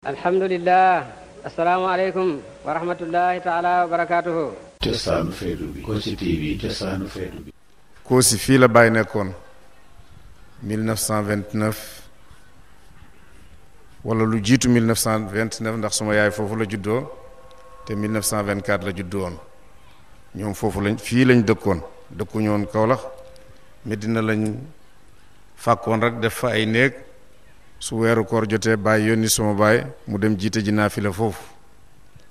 الحمد لله السلام عليكم ورحمة الله تعالى وبركاته جسان فيلو كوسي تي في جسان فيلو كوسي فيلا باي نكون 1929 ولا لو جيتو 1929 داخ سوما ياي فوفو لا جودو تي 1924 لا جودون نيوم فوفو لاني في لاني دكون دكو نيون كولا مدينه لاني فاكون رك دفا اي نيك su weeru koor jotee baay yónni sama baay mu dem jiite ji naafila foofu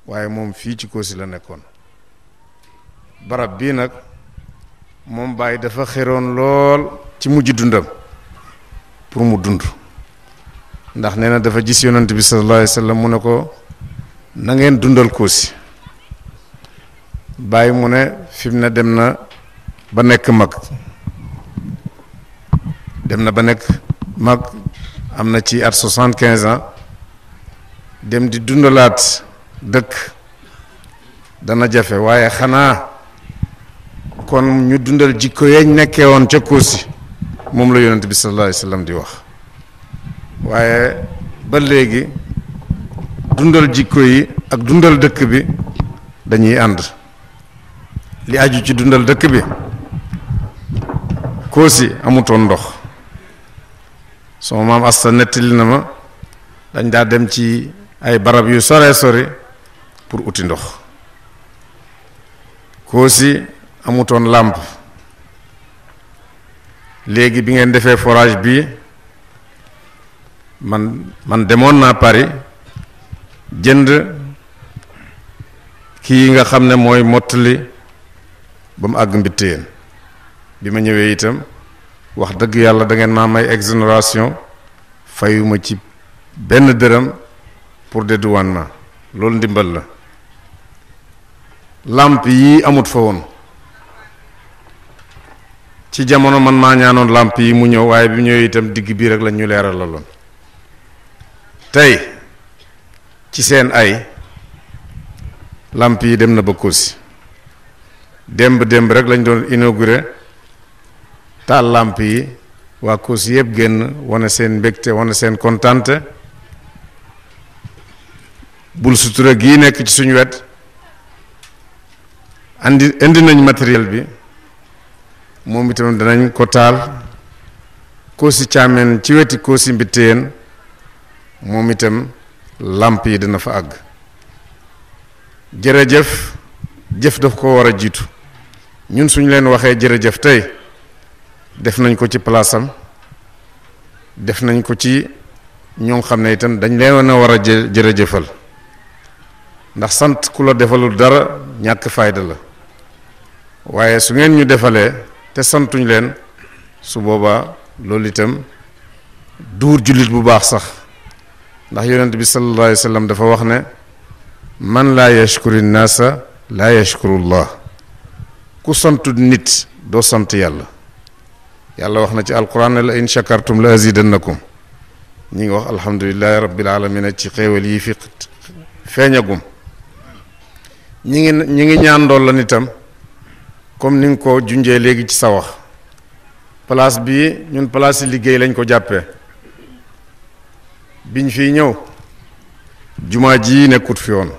waaye moom fii ci Kossy la nekkoon barab bii nag moom baay dafa xeroon lool ci mujj dundam pour mu dund ndax nee na dafa gis yonent bi sallallahu alayhi mu ne ko nangeen ngeen dundal Kossy baay mu ne fim mu ne dem na ba nekk mag dem na ba nekk mag am na ci at soixante-quinze ans dem di dundalaat dëkk dana jafe waaye xanaa kon ñu dundal jikko yañ nekkee woon ca Kóosi moom la yonent bi sallallahu alayhi di wax waaye ba léegi dundal jikko yi ak dundal dëkk bi dañuy ànd li aju ci dundal dëkk bi Kóosi amutoon ndox sama maam asta nettali na ma dañ daa dem ci ay barab yu sore sori pour uti ndox koosi amutoon làmp léegi bi ngeen defee forage bi man man demoon naa Paris jënd kii nga xam ne mooy mottali ba mu àgg mbitt yéen bi ma ñëwee itam wax deug yalla da ngeen ma may exoneration fayuma ci ben deureum pour dédouanement loolu ndimbal la lampe yi amut fa won ci jamono man ma ñaanon lampe yi mu ñëw way bi ñëwee itam digg bi rek la ñu la lon tey ci sen ay lampe yi dem na ba kursi demb demb rek lañ doon inaugurer taal làmp yi waa kuus yëpp génn wane seen mbégte wane seen kontante bul sutura gii nekk ci suñu wet andi indi nañ matériel bi moom itam danañ ko taal koosi càmmeen ci weti koosi mbittéen moom itam làmp yi dana fa àgg jërëjëf jëf daf ko war a jiitu ñun suñu leen waxee jërëjëf tey def nañ ko ci palaasam def nañ ko ci ñoo xam ne itam dañ leen a war a jë jërëjëfal ndax sant ku la defalul dara ñàkk fayda la waaye su ngeen ñu defalee te santuñ leen su boobaa loolu itam duur jullit bu baax sax ndax yonent bi sallallahu alayhi wa sallam dafa wax ne man laa yashkuri naasa laa yashkurullah ku santu nit doo sant yàlla yàlla wax na ci alquran ne la in shakartum la azidannakum ñi ngi wax alhamdulilahi rabbil alamina ci xéewal yi fi feeñagum ñi ngi ñi ngi ñaan dool la nitam comme ni nga ko junjee léegi ci sa wax place bi ñun place yi liggéey lañ ko jàppee biñ fiy ñëw jumaa ji nekkut fi woon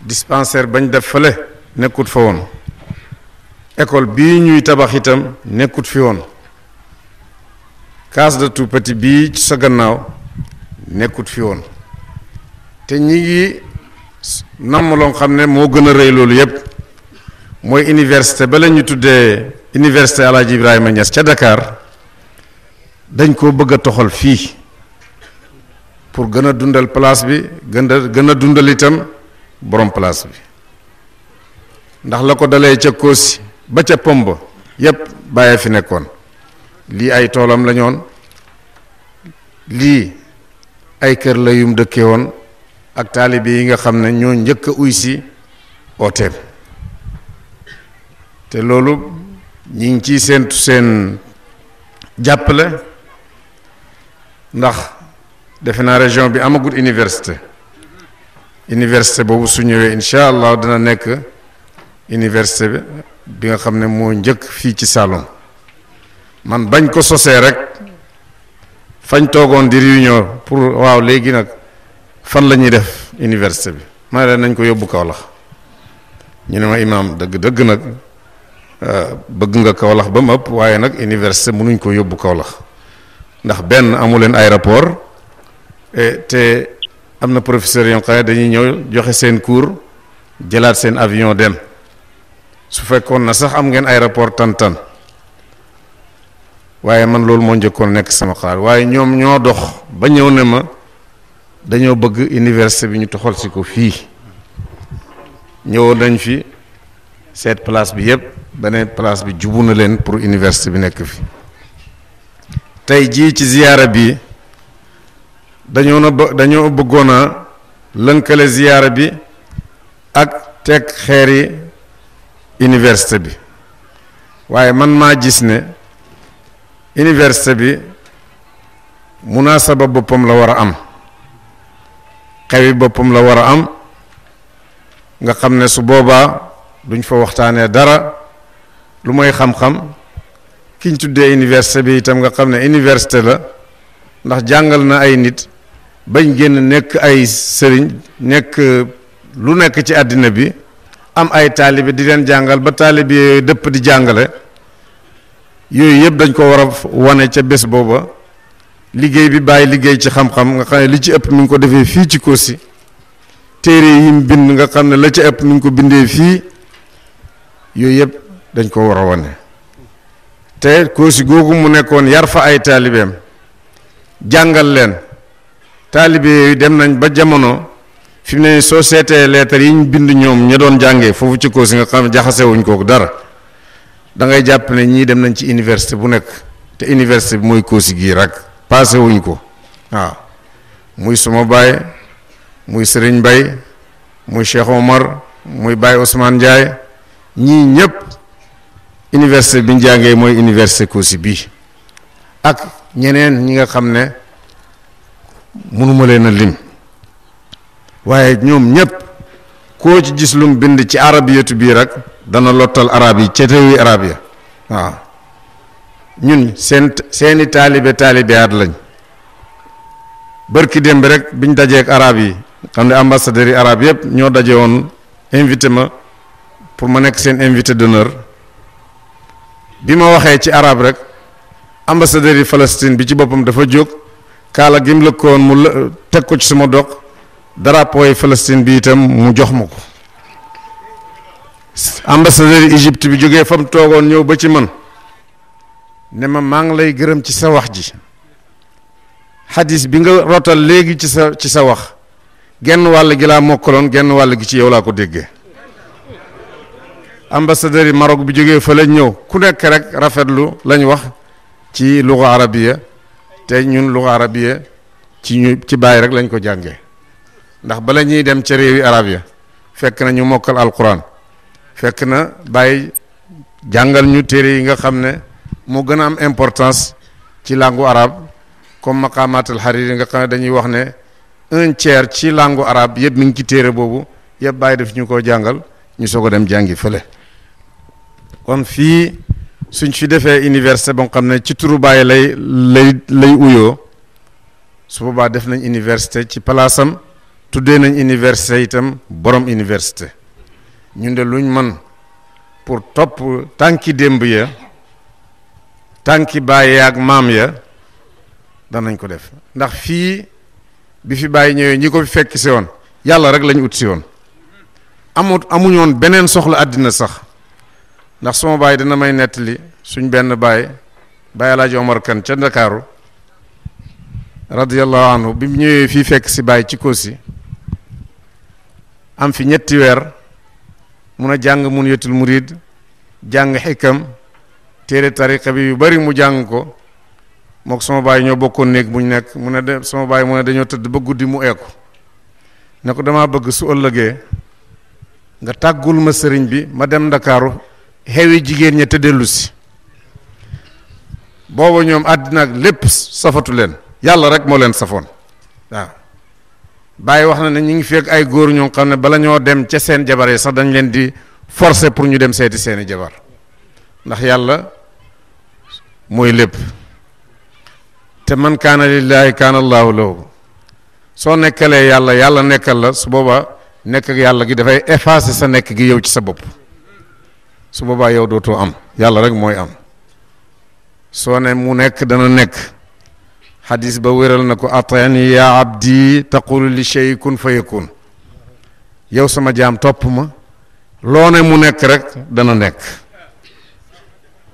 dispensaire bañ def fële nekkut fa woon école bii ñuy tabax itam nekkut fi woon case de Tout-Petit bii ci sa gannaaw nekkut fi woon te ñi ngi namm loo xam ne moo gën a rëy loolu yépp mooy université ba la ñu tuddee université Alaaji Ibrahima Niass ca dakaar dañ ko bëgg a toxal fii pour gën a dundal place bi gën a gën a dundal itam borom place bi ndax la ko dalee ca Kosi ba ca pomba yépp bàyyee fi nekkoon lii ay toolam la lii ay kër la yum dëkke woon ak taalibe yi nga xam ne ñoo njëkk uy si ooteem te loolu ñi ngi ciy seentu seen jàppale ndax defe naa région bi amagut université université boobu su ñëwee incha allah dina nekk université bi bi nga xamne ne ñëk fi ci salon man bañ ko sosé rek fañ togon di réunion pour waaw légui nak fan la def université bi ma ne nañ ko yóbbu kawlax ñu ne ma deug deug nak euh bëgg nga kawlax ba mëpp waaye nak université mënuñ ko yóbbu kawlax ndax ben amu aéroport te té amna professeur kaya xaya dañuy ñëw joxe sen cours jëlat sen avion dem su fekkoon na sax am ngeen aéroport tantan waaye man loolu moo njëkkoon nekk sama xalaat waaye ñoom ñoo dox ba ñëw ne ma dañoo bëgg université bi ñu toxal si ko fii ñëwoon nañ fi seet place bi yëpp ba ne place bi jubu na leen pour université bi nekk fi tey jii ci ziyaara bi dañoo na dañoo bëggoon a lënkale ziyaara bi ak teg xeer yi université bi waaye man maa gis ne université bi munaasaba boppam la war a am xewi boppam la war a am nga xam ne su boobaa duñ fa waxtaanee dara lu mooy xam-xam kiñ tuddee université bi itam nga xam ne iniversité la ndax jàngal na ay nit bañ génn nekk ay sëriñ nekk lu nekk ci àddina bi am ay bi di len jangal, ba taalibe yooyu di jàngale yoy yeb dañ ko wara woné ci ca bés bi bay liggéey ci xam-xam nga xam li ci ëpp mi ngi ko defee fi ci kursi téré yi mi bind nga xam la ci ëpp mi ngi ko bindé fi yoy yeb dañ ko wara woné té kursi gogu mu nekkoon yar fa ay taalibeem jangal len talibé dem nañ ba jamono fi mu ne soo seetee leetar yi ñu bind ñoom ña doon jàngee foofu ci kaw si nga xam ne jaxasewuñ kooku dara da ngay jàpp ne ñii dem nañ ci université bu nekk te université bi mooy koosi gii rek passé wuñ ko waaw muy suma baay muy sëriñ Bay muy Cheikh Omar muy Baye Ousmane njaay ñii ñëpp université bi ñu jàngee mooy université koosi bii ak ñeneen ñi nga xam ne mënuma leen a lim waaye ñoom ñépp koo ci gis lum bind ci arab arabiyatu bii rek dana lottal arab yi ca arab ya waaw ñun seen seeni taalibe taalibeyaat lañ bërki démb rek biñ dajeek arab yi xam ne ambassadeurs arab yépp ñoo daje woon invité ma pour ma nekk seen invité d'honneur bi ma waxee ci arab rek ambassadeur yi Palestine bi ci boppam dafa jóg kaala gim lëkkoon mu teg ko ci suma dox drapeau yi Palestine bi itam mu jox ma ko ambassadeur Égypte bi jógee fa mu toogoon ñëw ba ci man ne ma maa ngi lay gërëm ci sa wax ji xadis bi nga rotal léegi ci sa ci sa wax genn wàll gi laa mokkaloon genn wàll gi ci yow laa ko déggee ambassadeur yi Maroc bi jógee fa la ñëw ku nekk rek rafetlu lañ wax ci luga arabiya te ñun luga arabiya ci ñu ci bàyyi rek lañ ko jàngee ndax bala ñuy dem ca réewi arab ya fekk na ñu mokkal alquran fekk na bàyyi jàngal ñu téere yi nga xam ne moo am importance ci langue arab comme maqamat al hariri nga xam ne dañuy wax ne un tiers ci langue arab yëpp mi ngi ci téere boobu yëpp bàyyi def ñu ko jàngal ñu soog dem jàngi fële kon fii suñ fi defee université bo xam ne ci turu bàyyi lay lay lay uyoo su boobaa def nañ université ci am tuddee nañ université itam borom université ñun de luñ man pour topp tànki démb ya tànki bàyyi ak maam ya danañ ko def ndax fii bi fi bàyyi ñëwee ñi ko fi fekk si woon yàlla rek lañu ut si woon amut amuñoon beneen soxla àddina sax ndax suma bàyyi dina may nettali suñ benn bàyyi bàyyi alaaji Omar Kan ca Ndakaaru radiyallahu anhu bi mu ñëwee fii fekk si bàyyi ci Kosi am fi ñetti weer mun a jàng mun yetul murid jàng xikam téere tariqa bi yu bari mu jàng ko mook sama baay ñoo bokkoon néeg bu nekk mu a de sama baay mu ne dañoo tëdd ba guddi mu eeku ne ko damaa bëgg su ëllëgee nga tàggul ma sëriñ bi ma dem ndakaaru xewi jigéen ña te dellu si booba ñoom àddina ak lépp safatu leen yàlla rek moo leen safoon waaw bàyyi wax na ne ñu ngi fekk ay góor ñoo xam ne bala ñoo dem ca seen jabar yi sax dañ leen di forcer pour ñu dem seeti seeni jabar ndax yàlla mooy lépp te man kaana lillaahi kaana allaahu lahu soo nekkalee yàlla yàlla nekkal la su boobaa nekk yàlla gi dafay effacer sa nekk gi yow ci sa bopp su boobaa yow dootoo am yàlla rek mooy am soo ne mu nekk dana nekk xadis ba wéral na ko atani ya abdi taqulu li shay kun fa yakun yow sama jaam topp ma loo ne mu nekk rek dana nekk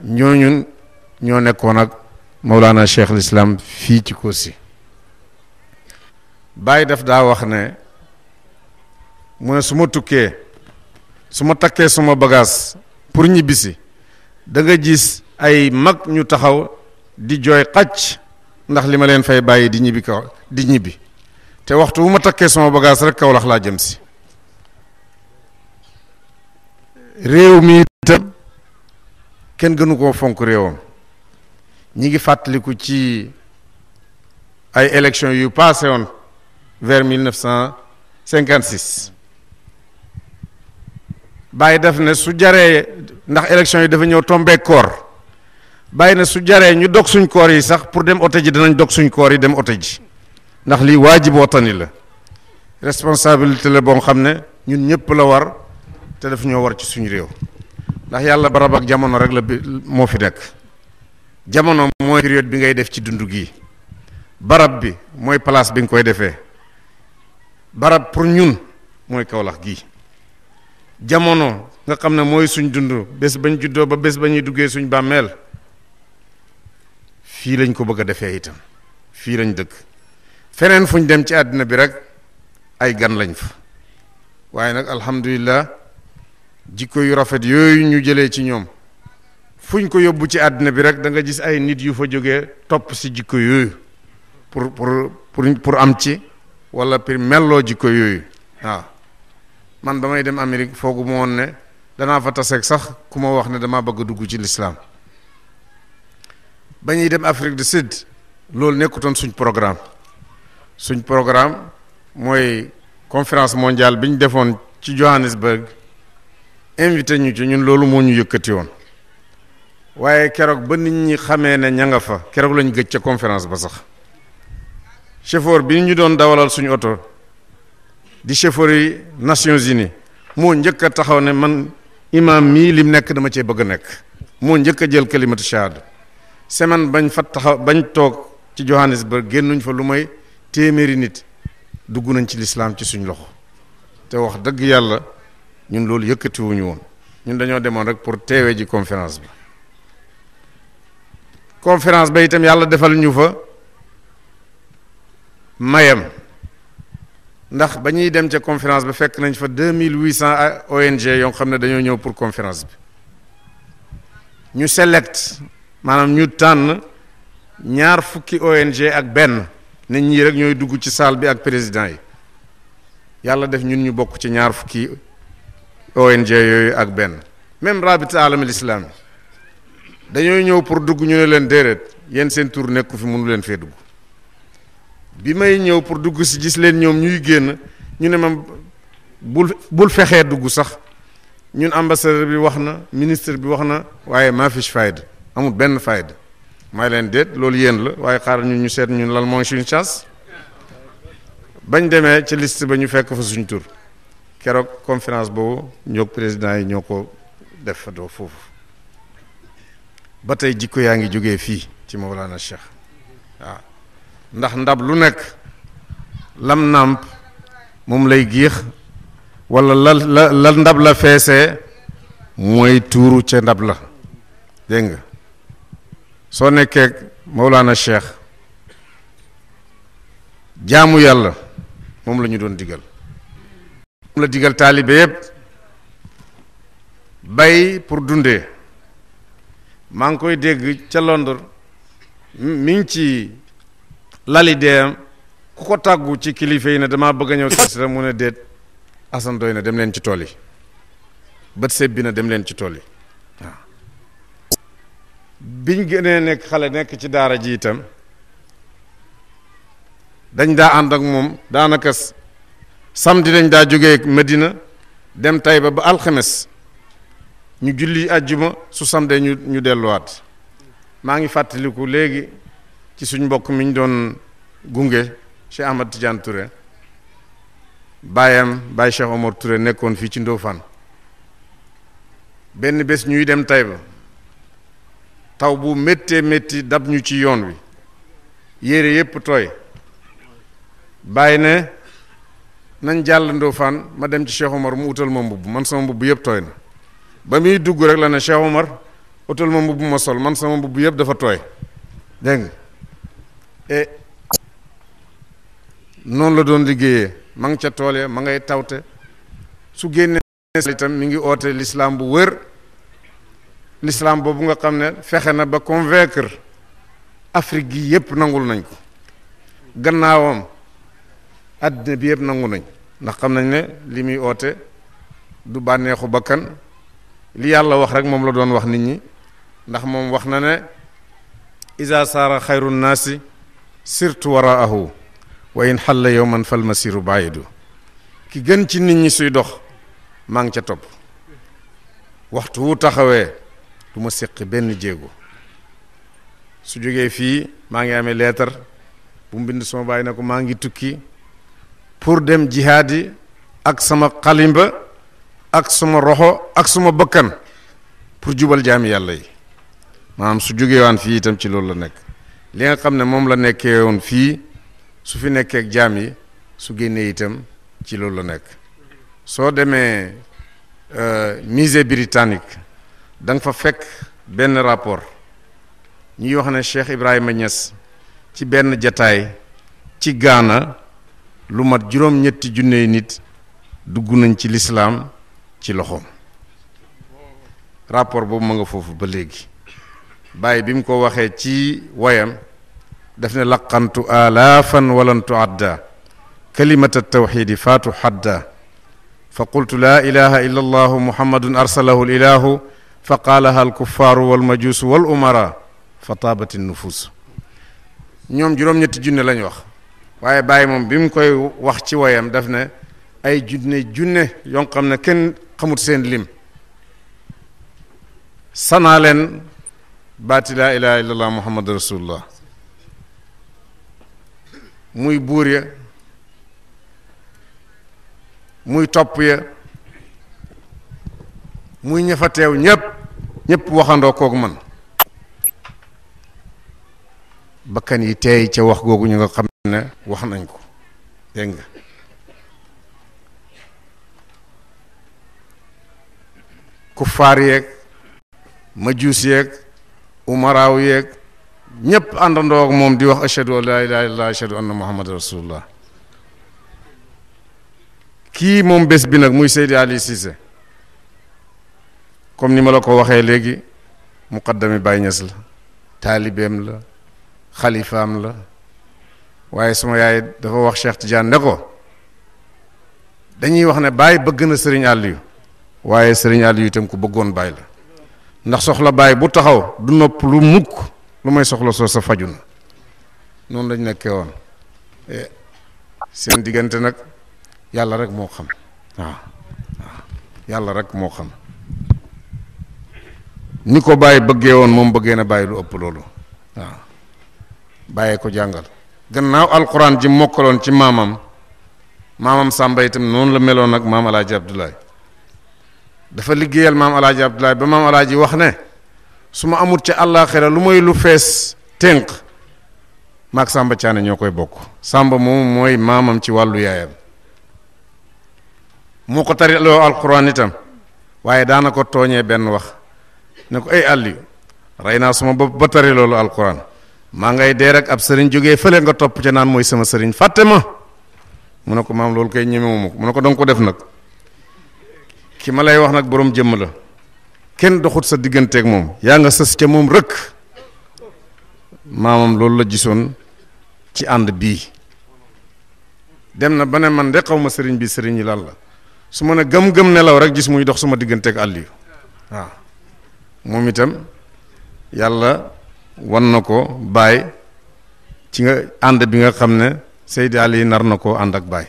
ñooñun ñoo nekkoon ak Mawlana Cheikh Lislaam fii ci Kossy Baay daf daa wax ne mu ne su ma tukkee su ma takkee suma bagaas pour ñibbisi danga nga ay mag ñu taxaw di jooy xacc ndax li ma leen fay bàyyi di ñibbi kaw di ñibbi te waxtu bu ma takkee sama bagage rek Kawlax laa jëm si réew mi itam kenn gënu koo fonk réewam ñi ngi fàttaliku ci ay élection yu passé woon vers mille neuf cent cinquante def ne su jaree ndax élection yi dafa ñëw tombeekoor bàyyi na su jaree ñu dog suñ koor yi sax pour dem oto ji danañ dog suñ koor yi dem oto ji ndax lii waajib watani la responsabilité la boo xam ne ñun ñëpp la war te daf ñoo war ci suñu réew ndax yàlla barab ak jamono rek la bi moo fi nekk jamono mooy période bi ngay def ci dund gi barab bi mooy place bi nga koy defee barab pour ñun mooy kawlax gi jamono nga xam ne mooy suñ dund bés bañ juddoo ba bés ba ñuy duggee suñ bàmmeel fii lañ ko bëgg a defee itam fii lañ dëkk feneen fuñ dem ci àddina bi rek ay gan lañ fa waaye nag alhamdulilah jikko yu rafet yooyu ñu jëlee ci ñoom fuñ ko yóbbu ci àddina bi rek da nga gis ay nit yu fa jógee topp si jikko yooyu pour pour pour pour am ci walla pour meloo jikko yooyu waaw man ba may dem Amérique foogu ma woon ne danaa fa taseeg sax ku ma wax ne damaa bëgg a dugg ci lislaam ba ñuy dem Afrique du Sud loolu nekkutoon suñ programme suñ programme mooy conférence mondiale bi ñu defoon ci Johannesburg invité ñu ci ñun loolu moo ñu yëkkati woon waaye keroog ba nit ñi xamee ne ña nga fa keroog lañ gëj ca conférence ba sax chauffeur bi ñu doon dawalal suñu oto di chauffeur yi Nations Unies moo njëkk a taxaw ne man imaam mii lim nekk dama cee bëgg a nekk moo njëkk a jël kalimatu shahada semaine bañ fa taxaw bañ toog ci Johannesburg génnuñ fa lu may téeméeri nit dugg nañ ci lislaam ci suñ loxo te wax dëgg yàlla ñun loolu yëkkatiwuñu woon ñun dañoo demoon rek pour teewe ji conférence bi conférence ba itam yàlla defal ñu fa mayam ndax ba ñuy dem ca conférence ba fekk nañ fa deux mille huit cent ONG yoo xam ne dañoo ñëw pour conférence bi ñu select maanaam ñu tànn ñaar fukki ONG ak benn ne ñii rek ñooy dugg ci salle bi ak président yi yàlla def ñun ñu bokk ci ñaar fukki ONG yooyu ak benn même rabita alamil islami dañooy ñëw pour dugg ñu ne leen déedéet yéen seen tur nekku fi mënu leen fee dugg bi may ñëw pour dugg si gis leen ñoom ñuy génn ñu ne ma bul bul fexee dugg sax ñun ambassadeur bi wax na ministre bi wax na waaye maa fiche amul benn fayda may leen déet loolu yéen la waaye xaar ñu ñu seet ñun lan mooy suñu chance bañ demee ci list ba ñu fekk fa suñ tur keroog conférence boobu ñoo président yi ñoo ko def fa doo foofu ba tey jikko yaa ngi jógee fii ci Mawlana Cheikh waaw ndax ndab lu nekk lam nàmp moom lay giix wala la la la ndab la feesee mooy tuuru ca ndab la dégg nga soo nekkee Mawlana Cheikh jaamu yàlla moom la ñu doon digal moom la digal taalibe yépp bay pour dundee maa ngi koy dégg ca Londres mi ngi ci lali deem ku ko tàggu ci kilifa yi ne damaa bëgg a ñëw sira mu ne déet asan na dem leen ci tool yi bët sëb bi na dem leen ci tool yi biñ gënee nekk xale nekk ci daara ji itam dañ daa ànd ak moom daanaka samedi dañ daa jógee Medina dem Tayba ba ba alxemes ñu julli àjjuma su samedi ñu ñu delluwaat maa ngi fàttaliku léegi ci suñ mbokk mi ñu doon gunge Cheikh Ahmad Tidiane Touré baayam baay Cheikh Omar Touré nekkoon fii ci Ndofane benn bés ñuy dem Tayba taw bu méttee metti dab ñu ci yoon wi yére yépp tooy bàyyi ne nañ jàll Ndofaan ma dem ci Cheikh Omar mu utal ma mbubb man sama mbubb yépp tooy na ba muy dugg rek la ne Cheikh Omar utal ma mbubb ma sol man sama mbubb yépp dafa tooy dégg nga eh, noonu la doon liggéeyee ma ngi ca tool ya ma ngay tawte su génnee itam mi ngi oote lislaam bu wër lislaam boobu nga xam ne fexe na ba convaincre Afrique gi yëpp nangul nañ ko gannaawam àddina bi yëpp nangu nañ ndax xam nañ ne li muy oote du bànneexu bakkan li yàlla wax rek moom la doon wax nit ñi ndax moom wax na ne isa saara xayru naasi sirtu waraahu wa in xalla man fal masiru baidu ki gën ci nit ñi suy dox maa ngi ca topp waxtu wu taxawee du ma séq benn jéego su jógee fii maa ngi amee leetar bu soo bind sama na ko maa ngi tukki pour dem jihaad ak sama xalimba ak suma roxo ak suma bakkan pour jubal jaami yàlla yi maanaam su jógee waan fii itam ci loolu la nekk li nga xam ne moom la nekkee woon fii su fi nekkee ak jaam yi su génnee itam ci loolu la nekk soo demee euh, mise britannique dang fa fek ben rapport ñi wax ne Cheikh Ibrahima Niass ci ben jotaay ci Ghana lu mat juróom-ñetti junney nit dugg nañ ci l'islam ci loxom rapport boobu ma nga fofu ba léegi bay bi ko waxe ci wayam daf ne laqantu alafan walan tuadda at-tawhid fatu hadda فقلت لا إله إلا الله محمد أرسله الإله فقالها الكفار والمجوس والأمراء فطابت النفوس نيوم جروم نيت جن لا نيوخ واي باي موم بيم كوي واخ سي ويام دافنا اي جن جن يون خمنا كين خموت سين ليم سنا لن بات لا اله الا الله محمد رسول الله موي بوريا موي توب muy ña fa teew ñépp ñépp waxandoo kook man bakkan yi teey ca wax googu ñu nga xam ne wax nañ ko dégg nga kuffaar yeeg majuus yeeg umaraaw yeeg ñépp àndandoo ak moom di wax ashadu an laa ilaha illallah ashadu anna muhammad rasulullah kii moom bés bi nag muy Seydi Ali Cissé comme ni ma la ko waxee léegi muqaddami Baay Ñas la taalibeem la xalifaam la waaye suma yaay dafa wax Cheikh Tidiane ne ko dañuy wax ne Baay bëgg na Sëriñ Aliou waaye Sëriñ Aliou itam ku bëggoon Baay la ndax soxla Baay bu taxaw du nopp lu mukk lu may soxla soo sa faju na noonu lañ nekkee woon e, seen diggante nag yàlla rek moo xam waaw yàlla rek moo xam ni ko bàyyi bëggee woon moom bëggee na bàyyi lu ëpp loolu waaw bàyyee ko jàngal gannaaw alquran ji mokkaloon ci maamam maamam Samba itam noonu la meloon ak maam alaaji Abdoulaye dafa liggéeyal maam alaaji Abdoulaye ba maam alaaji wax ne su ma amut ci àllaaxira lu may lu fees tënk maag Samba Thiané ñoo koy bokk Samba moom mooy maamam ci wàllu yaayam moo ko tariloo alquran itam waaye daana ko tooñee benn wax ne ko ay àlli rayna sama bop ba tare lolou alquran ma ngay de rek ab serigne joge fele nga top ci nan moy sama serigne fàtte ma ko maam loolu koy ñemewuma ko ko ko def nak ki ma lay wax nak borom jëm la kenn doxut sa ak mom ya nga sa ci mom rek mamam lolou la gisoon ci and bi dem na bané man de xawma serigne bi serigne lalla suma gem gem ne gëm-gëm nelaw rek gis muy dox suma digënté ak waaw moom itam yàlla wan na ko baay ci nga ànd bi nga xam ne Seydi Ali nar na ko ànd ak baay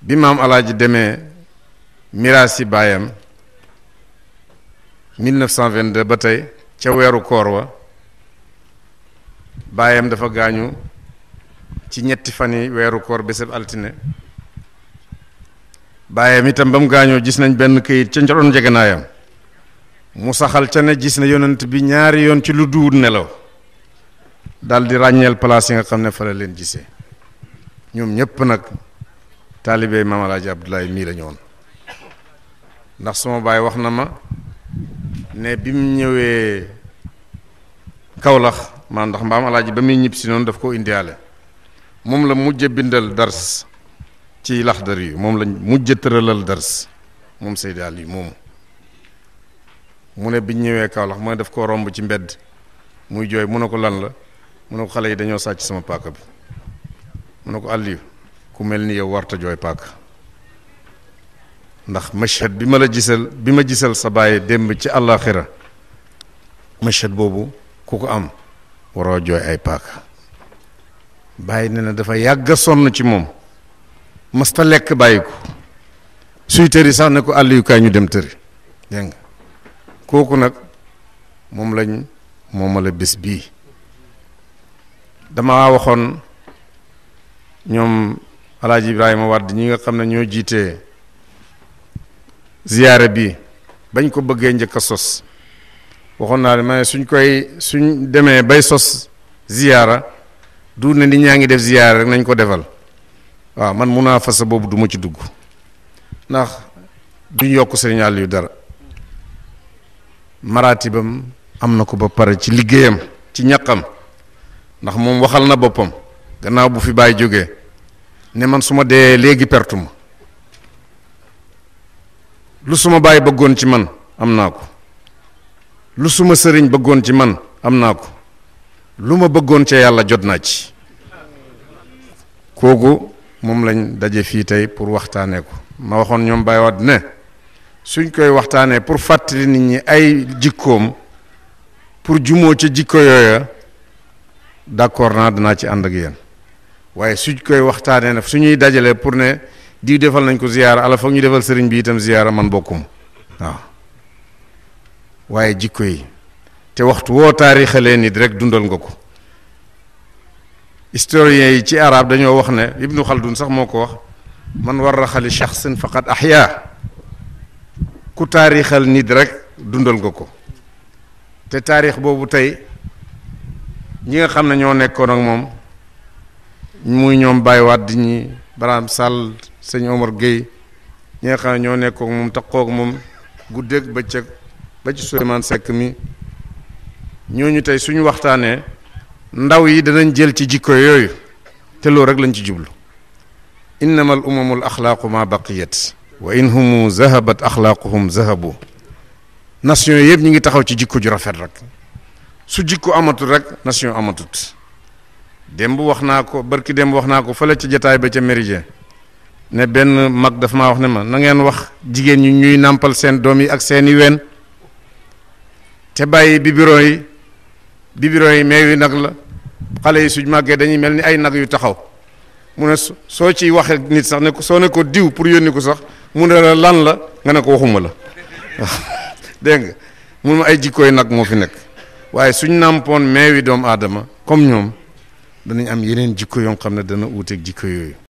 bi maam alaaji demee miraas si baayam 1922 ba tey ca weeru koor wa baayam dafa gaañu ci ñetti fan yi weeru koor bésab altine baayam itam ba mu gaañoo gis nañ benn këyit ca njoroon naayam mu saxal ca ne gis na yonent bi ñaari yoon ci lu duur nelaw dal di ràññeel place yi nga xam ne fa la leen gise ñoom ñëpp nag taalibe Maam Alaaji Abdoulaye mii la ñëwoon ndax suma baay wax na ma ne bi mu ñëwee Kawlax maanaam ndax mbaam alaaji ba muy ñib si noonu daf ko indiaale moom la mujj bindal dars ci laxdar yi moom la mujj tëralal dars moom Seydi Ali moomu mu ne biñ ñëwee Kaolack mu ne daf koo romb ci mbedd muy jooy mu ne ko lan la mu ne ko xale yi dañoo sàcc sama paaka bi mu ne ko Aliou ku mel ni yow warta jooy paaka ndax machad bi ma la gisal bi ma gisal sa bàyyi démb ci àllaaxira machad boobu ku ko am waroo jooy ay paaka bàyyi ne na dafa yàgg a sonn ci moom mës lekk bàyyi ko suy tëri sax ne ko Aliou kaay ñu dem tëri jëng kooku nag moom lañ moomale bés bii dama waxoon ñoom alaaji ibrahima wadd ñi nga xam ne ñoo jiite ziyaare bi bañ ko bëggee njëkk a sos waxoon naa ne ma suñ koy suñ demee bay sos ziyaara du ne nit ñaa ngi def ziyaara rek nañ ko defal waaw man mun naa fasa boobu duma ci dugg ndax duñ yokk sëriñ Aliou dara maraatibam am na ko ba pare ci liggéeyam ci ñaqam ndax moom waxal na boppam gannaaw bu fi baay jógee ne man su ma dee léegi pertu ma lu suma baay bëggoon ci man am naa ko lu suma sëriñ bëggoon ci man am naa ko lu ma bëggoon ca yàlla jot naa ci kooku moom lañ daje fii tey pour waxtaanee ko ma waxoon ñoom bàyyiwaat ne suñ koy waxtaanee pour fàttali nit ñi ay jikkoom pour jumoo ca jikko yooya d'accord naa danaa ci ànd ak yéen waaye suñ koy waxtaanee na suñuy dajale pour ne diw defal nañ ko ziyaara ala foog ñu defal sëriñ bi itam ziyaara man bokkum waaw waaye jikko yi te waxtu woo taarixalee nit rek dundal nga ko historien yi ci arab dañoo wax ne ibnu xaldun sax moo ko wax man war raxali shaxsin faqad ahyaa ku taarixal nit rek dundal nga ko te taarix boobu tey ñi nga xam ne ñoo nekkoon ak moom muy ñoom Baye Wade ñi Barham Sall sëñ Omar Gueye ñi nga xam ne ñoo nekkoon moom taxoo ak moom guddeeg bëccëg ba ci Souleymane Seck mi ñooñu tey suñu waxtaanee ndaw yi danañ jël ci jikko yooyu te loolu rek lañ ci jublu innamal umamul axlaaqu ma baqiyat wa in humu zahabat axlaaquhum zahabu nation yëpp ñu ngi taxaw ci jikko ju rafet rek su jikko amatut rek nation amatut démb wax naa ko barki démb wax naa ko fële ci jataay ba ca méridien ne benn mag dafa ma wax ne ma nangeen wax jigéen ñi ñuy nàmpal seen doom yi ak seen seeni ween te bàyyi biberon yi biberon yi meew yi nag la xale yi suñ màggee dañuy mel ni ay nag yu taxaw mu ne soo ciy waxee nit sax ne ko soo ne ko diw pour yónni ko sax mu ne la lan la nga ne ko waxuma la waaw dégg nga mun ma ay jikkooy nag moo fi nekk waaye suñ nàmpoon meewi doomu aadama comme ñoom danañ am yeneen jikko yoo xam ne dana uuteeg jikko yooyu